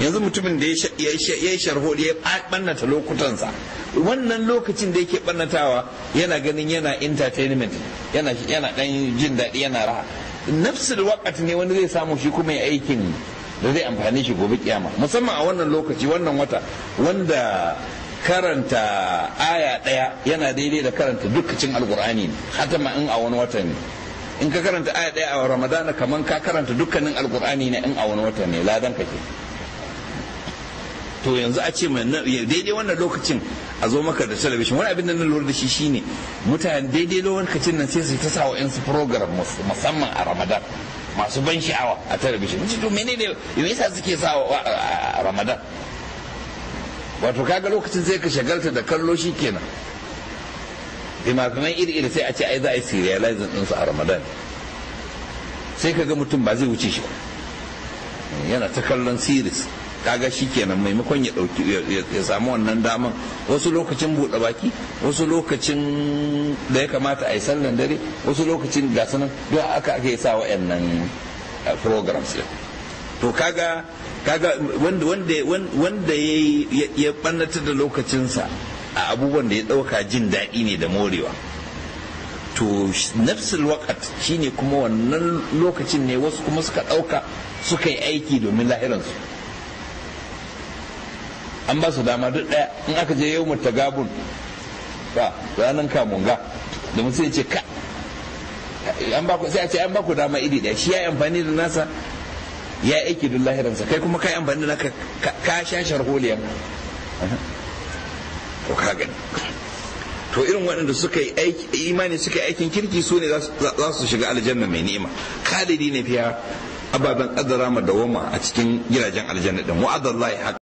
yanzu mutumin da ya yi sharholi ya ɓannata lokutansa wannan lokacin da yake ɓannatawa yana ganin yana entertainment yana yana ɗan jin daɗi yana raha da waƙati ne wani zai samu shi kuma ya aikin da zai amfani shi gobe kiyama musamman a wannan lokaci wannan wata wanda karanta aya ɗaya yana daidai da karanta dukkacin alkur'ani ne hata ma in a wani wata ne in ka karanta aya ɗaya a ramadana kamar ka karanta dukkanin alkur'ani ne in a wani wata ne ladan kake to yanzu a ce daidai wannan lokacin a zo maka da talabishin wani abin da na lura da shi shine mutane daidai lokacin nan sai su ta sawa yansu program musamman a ramadan masu ban sha'awa a talabishin ce to menene yau yasa suke sawa a ramadan wato kaga lokacin sai ka shagalta da kallo shi kenan fina iri-iri sai a ce ai za a yi serializing ɗinsu a ramadan sai ka ga mutum ba zai wuce shi ba yana ta kallon series kaga shi kenan maimakon ya dauki ya samu wannan daman wasu lokacin buɗe baki wasu lokacin da ya kamata a yi sallan dare wasu lokacin ga sanan duk aka ake sa wa'annan eh, programs din to kaga kaga wanda wanda wanda ya bannata da lokacinsa a abubuwan da ya dauka jin daɗi ne da morewa to nafsul wakat shine kuma wannan lokacin ne wasu kuma suka dauka suka yi aiki domin lahiransu an ba su dama duk ɗaya in aka je yau gabun ba ranar kamunga da mutum ya ce ka an ba ku sai a ce an ba ku dama iri daya shi ya yi amfani da nasa ya aiki dun lahiransa kai kuma ka yi amfani da naka ka sha sharholiyan ko ka gani to irin waɗanda suka yi aiki imani suka yi aikin kirki su ne za su shiga aljanna mai ni'ima kalidi ne fiya ababen kaddara ma dawoma a cikin gidajen aljanna din wa'adallahi